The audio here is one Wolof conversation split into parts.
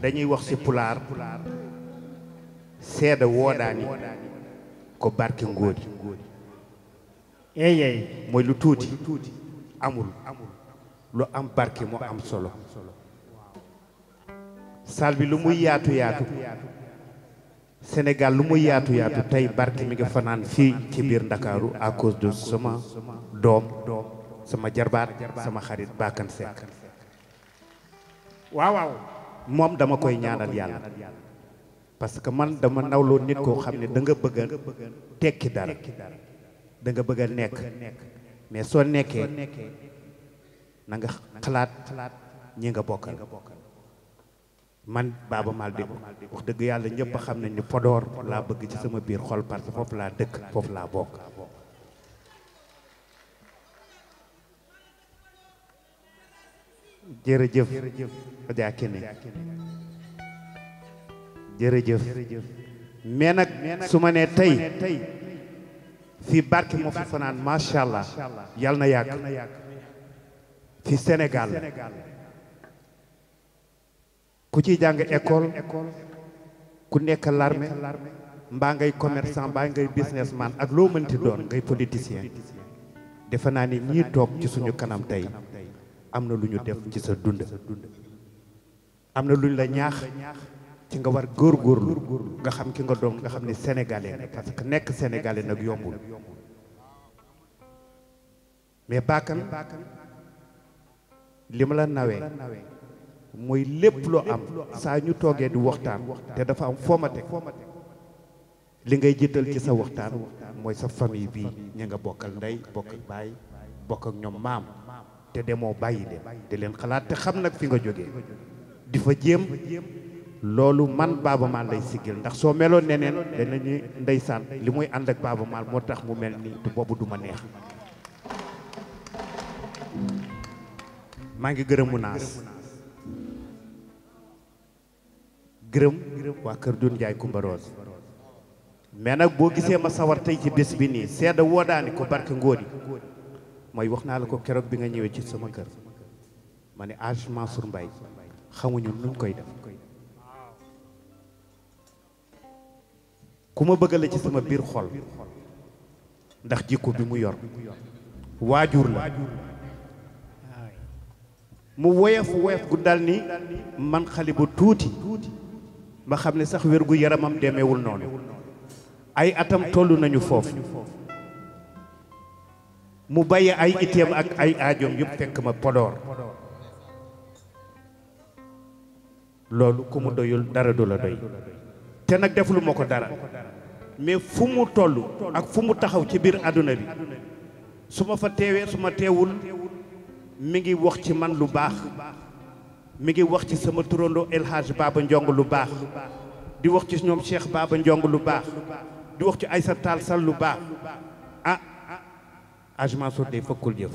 dañuy wax ci pulaar seeda woodaani ko barke ngóori eeyey mooy lu tuuti amul lu am barke moo am solo saal bi lu muy yaatu yaatu Sénégal lu muy yaatu yaatu tey barke mi nga fanaan fii ci biir Ndakaaru à cause de sama doom sama jarbaat sama xarit Bakane Seck moom dama koy ñaanal yàlla parce que man dama nawloo nit koo xam ne da nga bëgg a tekki dara da nga bëgg a nekk mais soo nekkee na nga xalaat ñi nga bokkal man Baaba Maal di wax dëgg yàlla ñëpp xam nañ ni Podor laa bëgg ci sama biir xol parce que foofu laa dëkk foofu laa bokk jërëjëf Adja Kine jërëjëf mais nag su ma nee tey fii barke moo fi fanaan macha allah yal na yàgg fi Sénégal ku ciy jàng école ku nekk l'armée mbaa ngay commerçant mbaa ngay businessman ak loo mënti doon ngay politicien defe naa ni ñii toog ci suñu kanam tey am na lu ñu def ci sa dund am na lu ñu la ñaax ci nga war góorgóorlu nga xam ki nga doon nga xam ni sénégalais nga parce que nekk sénégalais nag yombul mais baakan li ma la nawee mooy lépp loo am saa ñu toogee di waxtaan te dafa am foomate li ngay jiital ci sa waxtaan mooy sa famille bi ña nga bokkal ndey bokkal baay bokk ak ñoom maam te demoo bàyyi leen te leen xalaat te xam nag fi nga jógee di fa jéem loolu man Baaba Maal lay siggil ndax soo meloon neneen danañuy ndaysaan li muy ànd ak Baaba Maal moo tax mu mel nii te boobu du ma neex maa ngi gërëm mu naas gërëm waa kër Doudou kumba Coumba Rose mais nag boo gisee ma sawar tey ci bés bi nii woo woodaani ko barke ngóori mooy wax naa la ko keroog bi nga ñëwee ci sama kër ma ne Hadj Mansour Mbaye xamuñu nuñ koy def ku ma bëggale ci sama biir xol ndax jikko bi mu yor waajur la mu woyof woyof gu dal ni man xale bu tuuti ba xam ne sax wér gu yaramam demeewul noonu ay atam toll nañu foofu mu bàyyi ay itteem ak ay aajoom yëpp fekk ma Podor loolu ku mu doyul dara du la doy te nag deflu ma ko dara mais fu mu toll ak fu mu taxaw ci biir àdduna bi su ma fa teewee su ma teewul mi ngi wax ci man lu baax mi ngi wax ci sama turandoo El Hadj Baba Ndiong lu baax di wax ci ñoom Cheikh Baba Ndiong lu baax di wax ci Aïssa Tall Sall lu baax ah Hadj Mansour dey fëkkul jëf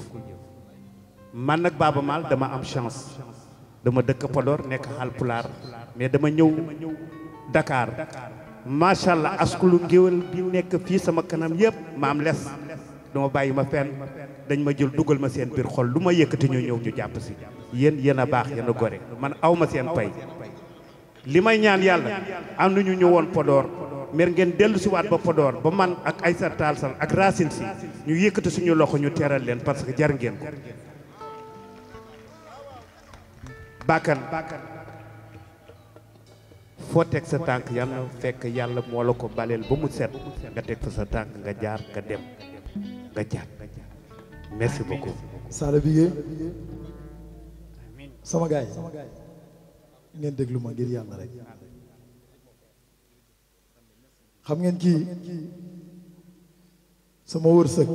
man nag Baaba Maal dama am chance dama dëkk podoor nekk Haalpulaar mais dama ñëw Dakar macha allah askulu ngéwél bi nekk fii sama kanam yëpp ma am les dama bàyyi ma fenn dañ ma jël dugal ma seen biir xol lu ma yëkkati ñu ñëw ñu jàpp si yéen yéen a baax yéen a gore man aw ma seen pay li ñaan yàlla am na ñu ñëwoon Podor mer ngeen dellu si waat ba Podor ba man ak Aïssa Tall Sall ak Racine si ñu yëkkati suñu loxo ñu teeral leen parce que jar ngeen ko bàkkan foo teg sa tànk yàlla fekk yàlla moo la ko baleel ba mu set nga teg fa sa tànk nga jaar nga dem nga jaar merci beaucoup Sala Bigué sama gaay ngeen déglu ma ngir yàlla rek xam ngeen kii sama wërsëg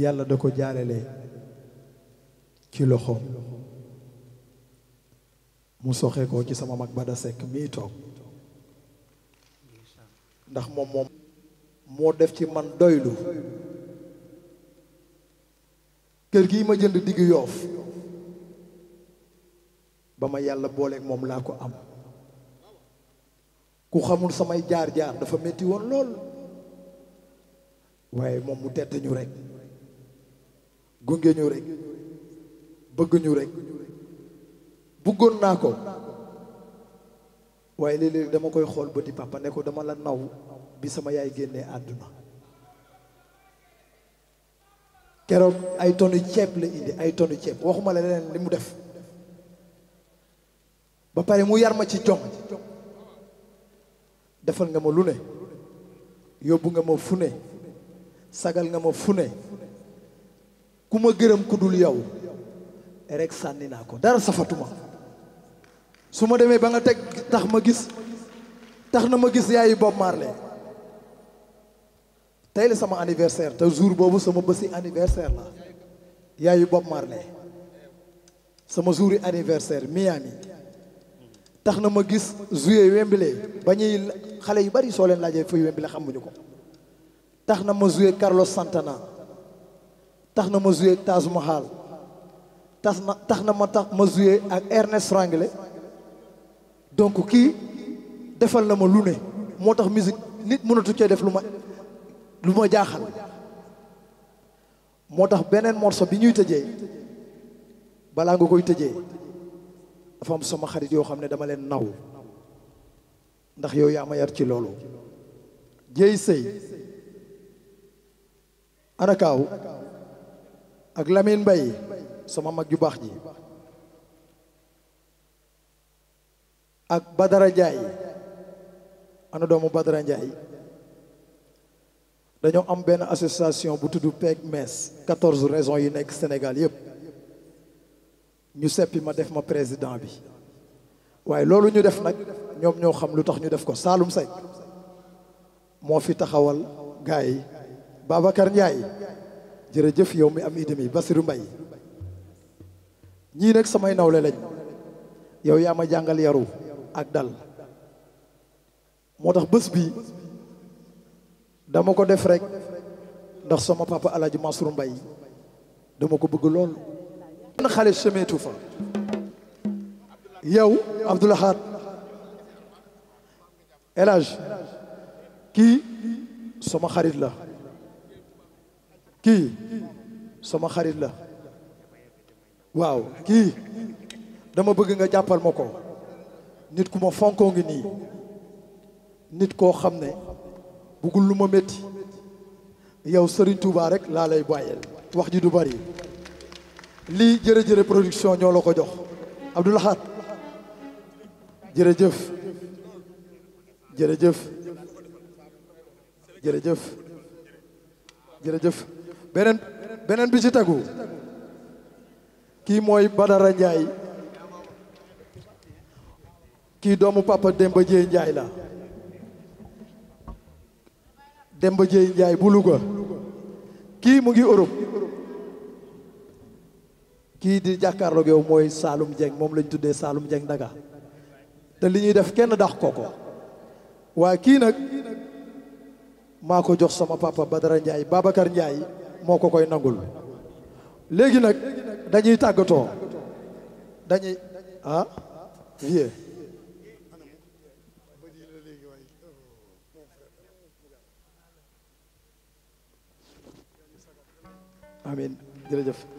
yàlla da ko jaarale ci loxoom mu soxe ko ci sama mag Bada Seck mii toog ndax moom moom moo def ci man doylu kër gii ma jënd diggu yoof ba ma yàlla booleeg moom laa ko am ku xamul samay jaar-jaar dafa metti woon lool waaye moom mu tette ñu rek gunge ñu rek bëgg ñu rek bëggoon naa ko waaye léeg dama koy xool bëti papa ne ko dama la naw bi sama yaay génnee àdduna keroog ay tonu ceeb la indi ay tonu ceeb waxuma la leneen li mu def ba pare mu yar ma ci jom defal nga ma lu ne yóbbu nga ma fu ne sagal nga ma fu ne ku ma gërëm ku dul yow rek sànni naa ko dara safatuma su ma demee ba nga teg tax ma gis na ma gis yaayu Bob marle tey la sama anniversaire te jour boobu sama bësi anniversaire la yaayu Bob Marley sama jour yi anniversaire Miami tax na ma gis joué Wembley ba ñuy xale yu bari soo leen laajee feuille wem xam la ñu ko tax na ma joué Carlos Santana tax na ma joué Taj Mahal tax na tax na ma tax ma joué ak Ernest Ranglais donc kii defal na ma lu ne moo tax musique nit mënatu cee def lu ma lu ma jaaxal moo tax beneen morceau bi ñuy tëjee balaa nga koy tëjee dafa am sama xarit yoo xam ne dama leen naw ndax yow yaa ma yar ci loolu jéy sëy anakaaw ak Lamine mbay sama mag ju baax ji ak Badara Njaay ana doomu Badara Njaay dañoo am benn association bu tudd PEG MES quatorze raison yi nekk Sénégal yëpp ñu seppi ma def ma président bi waaye loolu ñu def nag ñoom ñoo xam lu tax ñu def ko Saalum Say moo fi taxawal gaay yi Babacar Ndiaye jërëjëf yow mi am idée mi Basirou mbay ñii nag samay nawle lañ yow yaa ma jàngal yaru ak dal moo tax bës bi dama ko def rek ndax sama papa El Hadj Mansour dama ko bëgg lool. benn xale semeetu fa yow Abdoulahat El Hadj kii sama xarit la kii sama xarit la waaw kii dama bëgg nga jàppal ma ko nit ku ma fonkoo ngi nii nit koo xam ne bëggul lu ma métti yow Serigne Touba rek laa lay bàyyeel wax ji du bari lii jërëjërë production ñoo la ko jox Abdou Lahad jërëjëf jërëjëf jërëjëf jërëjëf beneen beneen bi ci tegu kii mooy Badara Ndiaye kii doomu papa Demba Dieye Ndiaye la Demba Dieye Ndiaye bu Louga kii mu ngi Europe kii di jàkkaarloogew mooy Saloum Dieng moom lañ tuddee Saloum Dieng Daga te li ñuy def kenn dax koko waaye kii nag maa ko jox sama papa Badara Ndiaye Babacar njaay moo ko koy nangul léegi nag dañuy tàggatoo dañuy ah vieux amin